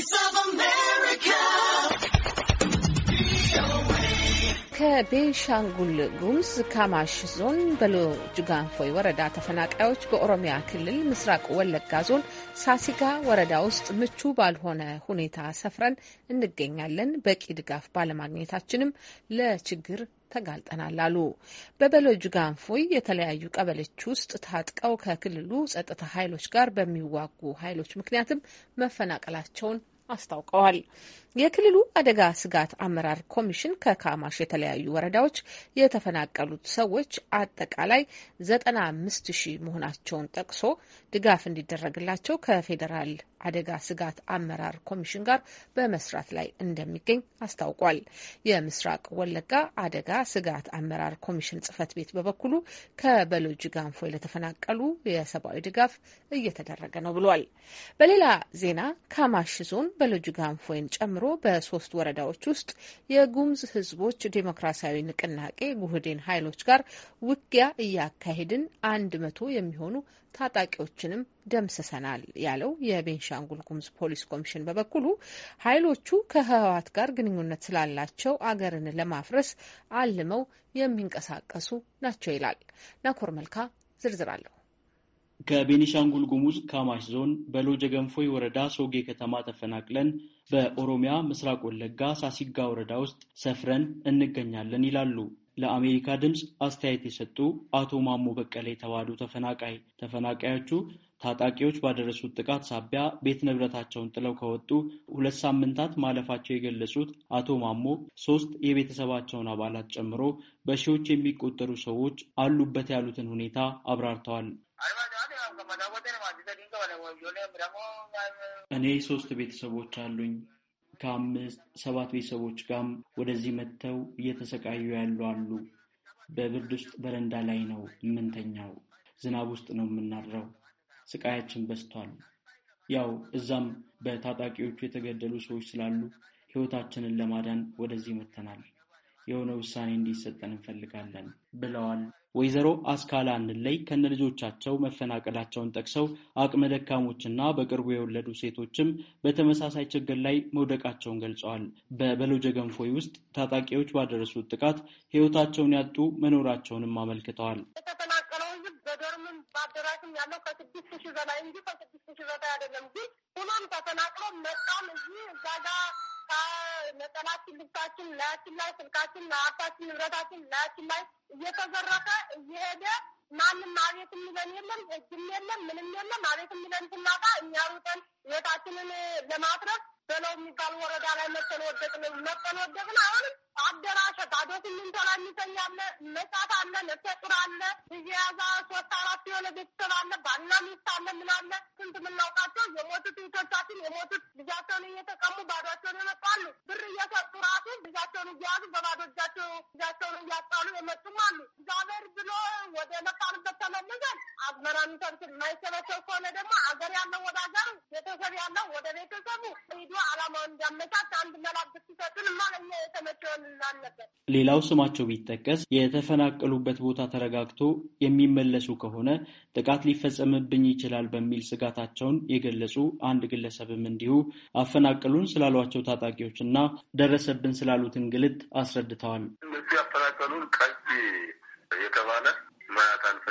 Voice of America. ከቤንሻንጉል ጉምዝ ካማሽ ዞን በሎ ወረዳ ተፈናቃዮች በኦሮሚያ ክልል ምስራቅ ወለጋ ዞን ሳሲጋ ወረዳ ውስጥ ምቹ ባልሆነ ሁኔታ ሰፍረን እንገኛለን። በቂ ድጋፍ ባለማግኘታችንም ለችግር ተጋልጠናል አሉ። በበሎ ጋንፎይ የተለያዩ ቀበሌዎች ውስጥ ታጥቀው ከክልሉ ጸጥታ ኃይሎች ጋር በሚዋጉ ኃይሎች ምክንያትም መፈናቀላቸውን አስታውቀዋል። የክልሉ አደጋ ስጋት አመራር ኮሚሽን ከካማሽ የተለያዩ ወረዳዎች የተፈናቀሉት ሰዎች አጠቃላይ ዘጠና አምስት ሺህ መሆናቸውን ጠቅሶ ድጋፍ እንዲደረግላቸው ከፌዴራል አደጋ ስጋት አመራር ኮሚሽን ጋር በመስራት ላይ እንደሚገኝ አስታውቋል። የምስራቅ ወለጋ አደጋ ስጋት አመራር ኮሚሽን ጽፈት ቤት በበኩሉ ከበሎጅ ጋንፎ ለተፈናቀሉ የሰብአዊ ድጋፍ እየተደረገ ነው ብሏል። በሌላ ዜና ካማሽ ዞን በሎጅ ጋንፎይን ጨምሮ በሶስት ወረዳዎች ውስጥ የጉሙዝ ህዝቦች ዴሞክራሲያዊ ንቅናቄ ጉህዴን ኃይሎች ጋር ውጊያ እያካሄድን አንድ መቶ የሚሆኑ ታጣቂዎችንም ደምስሰናል ያለው የቤንሻንጉል ጉሙዝ ፖሊስ ኮሚሽን በበኩሉ ኃይሎቹ ከህወሓት ጋር ግንኙነት ስላላቸው አገርን ለማፍረስ አልመው የሚንቀሳቀሱ ናቸው ይላል። ናኮር መልካ ዝርዝር አለሁ። ከቤኒሻንጉል ጉሙዝ ካማሽ ዞን በሎጀ ገንፎይ ወረዳ ሶጌ ከተማ ተፈናቅለን በኦሮሚያ ምስራቅ ወለጋ ሳሲጋ ወረዳ ውስጥ ሰፍረን እንገኛለን ይላሉ ለአሜሪካ ድምፅ አስተያየት የሰጡ አቶ ማሞ በቀለ የተባሉ ተፈናቃይ ተፈናቃዮቹ ታጣቂዎች ባደረሱት ጥቃት ሳቢያ ቤት ንብረታቸውን ጥለው ከወጡ ሁለት ሳምንታት ማለፋቸው የገለጹት አቶ ማሞ ሶስት የቤተሰባቸውን አባላት ጨምሮ በሺዎች የሚቆጠሩ ሰዎች አሉበት ያሉትን ሁኔታ አብራርተዋል። እኔ ሶስት ቤተሰቦች አሉኝ። ከአምስት ሰባት ቤተሰቦች ጋርም ወደዚህ መጥተው እየተሰቃዩ ያሉ አሉ። በብርድ ውስጥ በረንዳ ላይ ነው የምንተኛው። ዝናብ ውስጥ ነው የምናድረው። ስቃያችን በዝቷል። ያው እዛም በታጣቂዎቹ የተገደሉ ሰዎች ስላሉ ሕይወታችንን ለማዳን ወደዚህ መጥተናል። የሆነ ውሳኔ እንዲሰጠን እንፈልጋለን ብለዋል። ወይዘሮ አስካላ አንድላይ ልጆቻቸው መፈናቀላቸውን ጠቅሰው አቅመ ደካሞችና በቅርቡ የወለዱ ሴቶችም በተመሳሳይ ችግር ላይ መውደቃቸውን ገልጸዋል። በበሎጀ ገንፎይ ውስጥ ታጣቂዎች ባደረሱት ጥቃት ሕይወታቸውን ያጡ መኖራቸውንም አመልክተዋል። የተፈናቀለው ሕዝብ በዶርምም በአደራሽም ያለው ከስድስት ሺህ በላይ እንጂ ከስድስት ሺህ በላይ አይደለም። ግን ሁሉም መጣም እዚህ እዛ ጋር ነጠላችን፣ ልብሳችን ላያችን ላይ ስልካችን፣ ሀብታችን፣ ንብረታችን ላያችን ላይ እየተዘረፈ እየሄደ ማንም አቤት የሚለን የለም፣ እጅም የለም፣ ምንም የለም። አቤት የሚለን ስናጣ እኛ ሩጠን ሕይወታችንን ለማትረፍ በለው የሚባል ወረዳ ላይ መጠን ወደቅን መጠን ወደቅን አሁንም አደራሸ ታዶ ስምንት ላይ የሚተኛ አለ፣ መሳት አለ፣ ነፍሰ ጡር አለ፣ እየያዛ ሶስት አራት የሆነ ቤተሰብ አለ፣ ባልና ሚስት አለ፣ ምን አለ ስንት የምናውቃቸው የሞቱት እህቶቻችን የሞቱት ልጃቸውን እየተቀሙ ባዷቸውን የመጣሉ ብር እየሰጡ ራሱ ልጃቸውን እየያዙ በባዶ እጃቸው ልጃቸውን እያጣሉ የመጡም አሉ። እግዚአብሔር ብሎ ወደ መጣንበት ተመልሰን አዝመራን ሰብስብ የማይሰበሰብ ከሆነ ደግሞ አገር ያለው ወደ አገሩ፣ ቤተሰብ ያለው ወደ ቤተሰቡ ሂዶ አላማውን እንዲያመቻች አንድ መላ ብትሰጡን ማለኛ የተመቸውን ሌላው ስማቸው ቢጠቀስ የተፈናቀሉበት ቦታ ተረጋግቶ የሚመለሱ ከሆነ ጥቃት ሊፈጸምብኝ ይችላል በሚል ስጋታቸውን የገለጹ አንድ ግለሰብም እንዲሁ አፈናቀሉን ስላሏቸው ታጣቂዎች እና ደረሰብን ስላሉት እንግልት አስረድተዋል። እነዚህ ያፈናቀሉን ቀይ የተባለ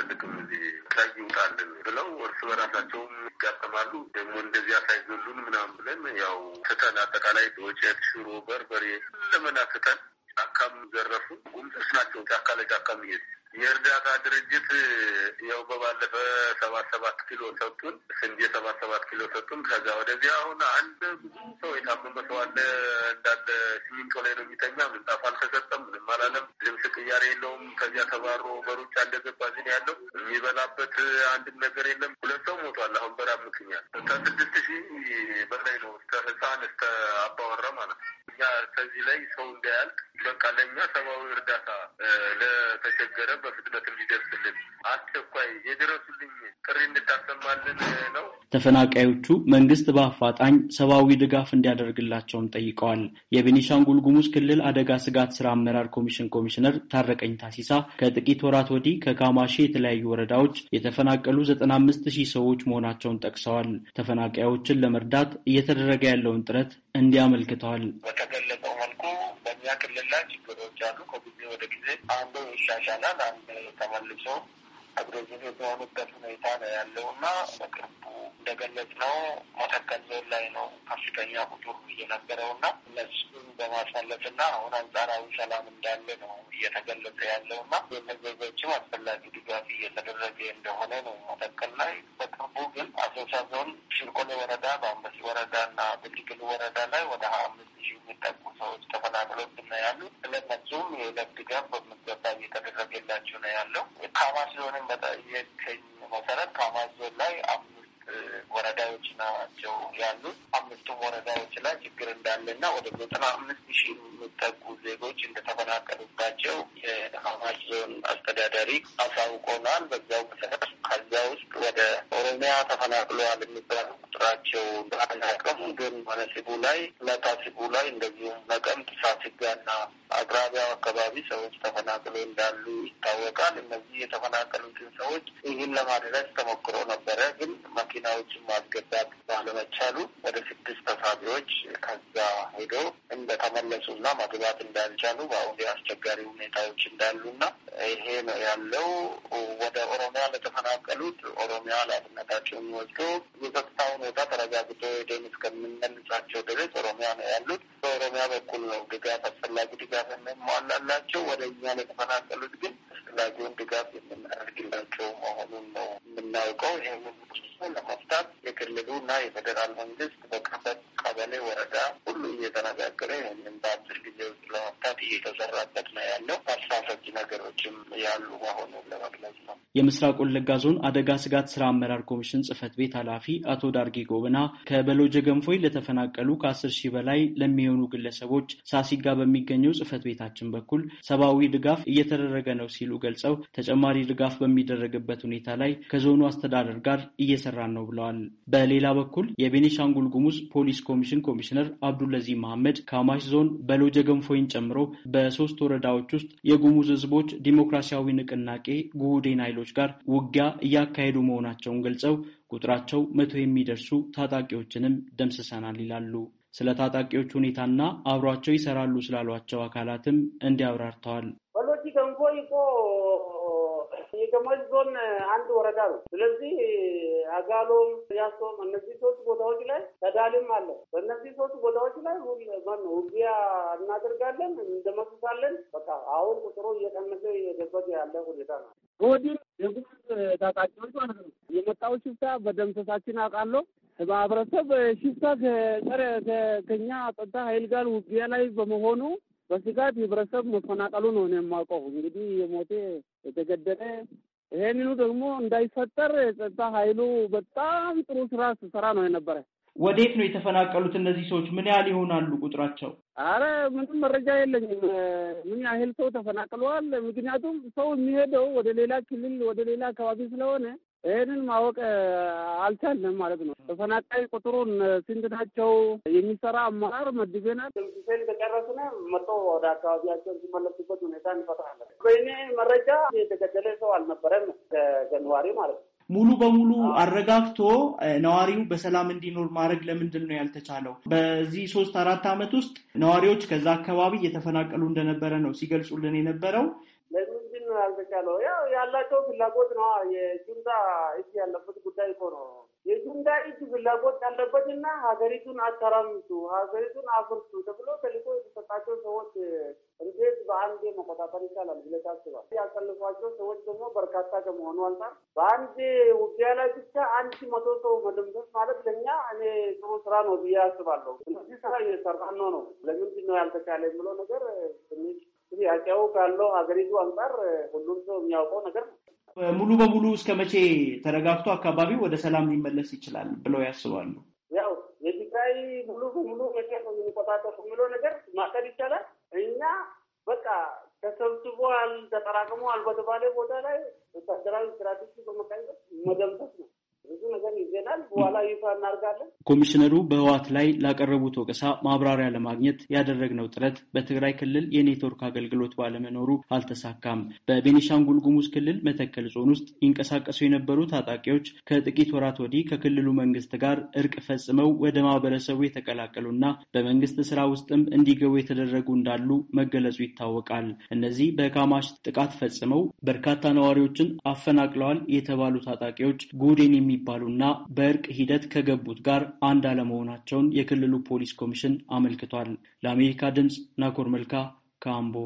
አንፈልግም እዚህ ላይ ይውጣልን ብለው እርስ በራሳቸውም ይጋጠማሉ። ደግሞ እንደዚህ አሳይዘሉን ምናምን ብለን ያው ትተን አጠቃላይ ዶጨት፣ ሽሮ፣ በርበሬ ለመና ትተን ጫካም ዘረፉ። ጉምጥስ ናቸው። ጫካ ለጫካ ሚሄድ የእርዳታ ድርጅት ያው በባለፈ ሰባት ሰባት ኪሎ ሰጡን፣ ስንዴ ሰባት ሰባት ኪሎ ሰጡን። ከዛ ወደዚህ አሁን አንድ ብዙ ሰው የታመመ ሰው አለ። እንዳለ ሲሚንቶ ላይ ነው የሚተኛ። ምንጣፍ አልተሰጠም፣ ምንም አላለም። ቅያሬ የለውም። ከዚያ ተባሮ በሩጫ እንደገባ ዝን ያለው የሚበላበት አንድም ነገር የለም። ሁለት ሰው ሞቷል። አሁን በራብ ምክንያት ከስድስት ሺህ በላይ ነው። እስከ ህፃን እስከ አባወራ ማለት ነው። እኛ ከዚህ ላይ ሰው እንዳያልቅ በቃ ለእኛ ሰብአዊ እርዳታ ለተቸገረ በፍጥነት እንዲደርስልን አስቸኳይ የድረሱልኝ ጥሪ እንድታሰማልን ነው። ተፈናቃዮቹ መንግስት በአፋጣኝ ሰብአዊ ድጋፍ እንዲያደርግላቸውም ጠይቀዋል። የቤኒሻንጉል ጉሙዝ ክልል አደጋ ስጋት ስራ አመራር ኮሚሽን ኮሚሽነር ታረቀኝ ታሲሳ ከጥቂት ወራት ወዲህ ከካማሺ የተለያዩ ወረዳዎች የተፈናቀሉ ዘጠና አምስት ሺህ ሰዎች መሆናቸውን ጠቅሰዋል። ተፈናቃዮችን ለመርዳት እየተደረገ ያለውን ጥረት እንዲያመልክተዋል። ክልል ላይ ችግሮች አሉ። ከጊዜ ወደ ጊዜ አንዱ ይሻሻላል፣ አንዱ ተመልሶ አግሬሲቭ የሆኑበት ሁኔታ ነው ያለው እና በቅርቡ እንደገለጽ ነው መተከል ዞን ላይ ነው ከፍተኛ ቁጥር እየነበረው እና እነሱን በማሳለፍ እና አሁን አንጻራዊ ሰላም እንዳለ ነው እየተገለጸ ያለው እና የነዘዞችም አስፈላጊ ድጋፍ እየተደረገ እንደሆነ ነው መተከል ላይ። በቅርቡ ግን አሶሳ ዞን ሽርቆሌ ወረዳ፣ በአንበሲ ወረዳ እና ብልግል ወረዳ ላይ ወደ ሀያ አምስት ሺህ የሚጠጉ ሰዎች ተፈናቅለው ብና ያሉ ስለነሱም የዕለት ድጋፍ በሚገባ እየተደረገላቸው ነው ያለው ካማ ስለሆነ አሁን በጠየከኝ መሰረት ከአማዞን ላይ አምስት ወረዳዎች ናቸው ያሉት። አምስቱም ወረዳዎች ላይ ችግር እንዳለና ወደ ዘጠና አምስት ሺህ የሚጠጉ ዜጎች እንደተፈናቀሉባቸው የአማዞን ዞን አስተዳዳሪ አሳውቆናል። በዛው መሰረት ከዛ ውስጥ ወደ ኦሮሚያ ተፈናቅለዋል የሚባሉ ቁጥራቸው አናውቅም፣ ግን መነሲቡ ላይ ለታሲቡ ላይ እንደዚሁም ነቀምት፣ ሳሲጋና አቅራቢያው አካባቢ ሰዎች ተፈናቅለው እንዳሉ ይታወቃል። እነዚህ የተፈናቀሉትን ሰዎች ይህን ለማድረስ ተሞክሮ ነበረ፣ ግን መኪናዎችን ማስገባት ባለመቻሉ ወደ ስድስት ተሳቢዎች ከዛ ሄዶ እንደተመለሱና መግባት እንዳልቻሉ በአሁኑ አስቸጋሪ ሁኔታዎች እንዳሉና ይሄ ነው ያለው። ወደ ኦሮሚያ ለተፈናቀሉት ኦሮሚያ ኃላፊነታቸውን ወስዶ የጸጥታ ሁኔታ ተረጋግጦ ሄደን እስከምንመልሳቸው ድረስ ኦሮሚያ ነው ያሉት። በኦሮሚያ በኩል ነው ድጋፍ አስፈላጊ ድጋፍ የምንሟላላቸው። ወደ እኛ ለተፈናቀሉት ግን አስፈላጊውን ድጋፍ የምናደርግላቸው መሆኑን ነው የምናውቀው። ይህንን ለመፍታት የክልሉ እና የፌዴራል መንግስት በቅርበት ቀበሌ፣ ወረዳ ሁሉ እየተነጋገረ ይህንን በአጭር ጊዜ ውስጥ ለመፍታት እየተሰራበት ነው ያለው። አሳሳቢ ነገሮችም ያሉ መሆኑን ለመግለጽ ነው። የምስራቅ ወለጋ ዞን አደጋ ስጋት ስራ አመራር ኮሚሽን ጽህፈት ቤት ኃላፊ አቶ ዳርጌ ጎብና ከበሎጀ ገንፎይ ለተፈናቀሉ ከአስር ሺህ በላይ ለሚ የሚሆኑ ግለሰቦች ሳሲጋ በሚገኘው ጽህፈት ቤታችን በኩል ሰብአዊ ድጋፍ እየተደረገ ነው ሲሉ ገልጸው ተጨማሪ ድጋፍ በሚደረግበት ሁኔታ ላይ ከዞኑ አስተዳደር ጋር እየሰራን ነው ብለዋል። በሌላ በኩል የቤኒሻንጉል ጉሙዝ ፖሊስ ኮሚሽን ኮሚሽነር አብዱለዚህ መሐመድ ከአማሽ ዞን በሎጀ ገንፎይን ጨምሮ በሶስት ወረዳዎች ውስጥ የጉሙዝ ህዝቦች ዲሞክራሲያዊ ንቅናቄ ጉሁዴን ኃይሎች ጋር ውጊያ እያካሄዱ መሆናቸውን ገልጸው ቁጥራቸው መቶ የሚደርሱ ታጣቂዎችንም ደምስሰናል ይላሉ። ስለ ታጣቂዎች ሁኔታና አብሯቸው ይሰራሉ ስላሏቸው አካላትም እንዲያብራርተዋል አብራርተዋል። ዞን አንድ ወረዳ ነው። ስለዚህ አጋሎም፣ ያሶም እነዚህ ሶስት ቦታዎች ላይ ተዳልም አለ። በእነዚህ ሶስት ቦታዎች ላይ ሁን ውጊያ እናደርጋለን፣ እንደመስሳለን። በቃ አሁን ቁጥሩ እየቀነሰ እየገበት ያለ ሁኔታ ነው። ወዲህ የጉ ታጣቂዎች ማለት ነው የመጣው ሽፍታ በደምሰሳችን አውቃለሁ በህብረተሰብ ሽፍታ ከጸረ ከኛ ጸጥታ ኃይል ጋር ውጊያ ላይ በመሆኑ በስጋት ህብረተሰብ መፈናቀሉ ነው እኔ የማውቀው። እንግዲህ የሞቴ የተገደለ ይሄንኑ ደግሞ እንዳይፈጠር ጸጥታ ኃይሉ በጣም ጥሩ ስራ ስሰራ ነው የነበረ። ወዴት ነው የተፈናቀሉት እነዚህ ሰዎች? ምን ያህል ይሆናሉ ቁጥራቸው? አረ ምንም መረጃ የለኝም ምን ያህል ሰው ተፈናቅለዋል። ምክንያቱም ሰው የሚሄደው ወደ ሌላ ክልል ወደ ሌላ አካባቢ ስለሆነ ይህንን ማወቅ አልቻለም ማለት ነው። ተፈናቃይ ቁጥሩን ስንት ናቸው? የሚሰራ አመራር መድቤናል። ጊዜን ተጨረስነ መጦ ወደ አካባቢያቸው ሲመለሱበት ሁኔታ እንፈጥራለን። በእኔ መረጃ የተገደለ ሰው አልነበረም ከጀንዋሪ ማለት ነው። ሙሉ በሙሉ አረጋግቶ ነዋሪው በሰላም እንዲኖር ማድረግ ለምንድን ነው ያልተቻለው? በዚህ ሶስት አራት ዓመት ውስጥ ነዋሪዎች ከዛ አካባቢ እየተፈናቀሉ እንደነበረ ነው ሲገልጹልን የነበረው። ያልተቻለው ያው ያላቸው ፍላጎት ነው። የጁንታ እጅ ያለበት ጉዳይ እኮ ነው። የጁንታ እጅ ፍላጎት ያለበትና ሀገሪቱን አተራምሱ፣ ሀገሪቱን አፍርሱ ተብሎ ተልእኮ የተሰጣቸው ሰዎች እንዴት በአንዴ መቆጣጠር ይቻላል ብለህ ታስባለህ? ያሰልፏቸው ሰዎች ደግሞ በርካታ ከመሆኑ አንጻር በአንድ ውጊያ ላይ ብቻ አንድ መቶ ሰው መደምሰስ ማለት ለእኛ እኔ ጥሩ ስራ ነው ብዬ አስባለሁ። እነዚህ ስራ እየሰራን ነው ነው ለምንድን ነው ያልተቻለ የምለው ነገር ትንሽ እንግዲህ አጫው ካለው ሀገሪቱ አንጻር ሁሉም ሰው የሚያውቀው ነገር ነው። ሙሉ በሙሉ እስከ መቼ ተረጋግቶ አካባቢ ወደ ሰላም ሊመለስ ይችላል ብለው ያስባሉ? ያው የትግራይ ሙሉ በሙሉ መቼ ነው የሚቆጣጠሩ የሚለው ነገር ማቀድ ይቻላል። እኛ በቃ ተሰብስቧል፣ ተጠራቅሟል አልበተባለ ቦታ ላይ ወታደራዊ ስትራቴጂ በመቀየር መደምሰስ ነው። ነገር ይዘናል። በኋላ ይፋ እናርጋለን። ኮሚሽነሩ በህዋት ላይ ላቀረቡት ወቀሳ ማብራሪያ ለማግኘት ያደረግነው ጥረት በትግራይ ክልል የኔትወርክ አገልግሎት ባለመኖሩ አልተሳካም። በቤኒሻንጉል ጉሙዝ ክልል መተከል ዞን ውስጥ ይንቀሳቀሱ የነበሩ ታጣቂዎች ከጥቂት ወራት ወዲህ ከክልሉ መንግስት ጋር እርቅ ፈጽመው ወደ ማህበረሰቡ የተቀላቀሉና በመንግስት ስራ ውስጥም እንዲገቡ የተደረጉ እንዳሉ መገለጹ ይታወቃል። እነዚህ በካማሽ ጥቃት ፈጽመው በርካታ ነዋሪዎችን አፈናቅለዋል የተባሉ ታጣቂዎች ጉዴን የሚባሉ ከተባሉና በእርቅ ሂደት ከገቡት ጋር አንድ አለመሆናቸውን የክልሉ ፖሊስ ኮሚሽን አመልክቷል። ለአሜሪካ ድምፅ ናኮር መልካ ካምቦ።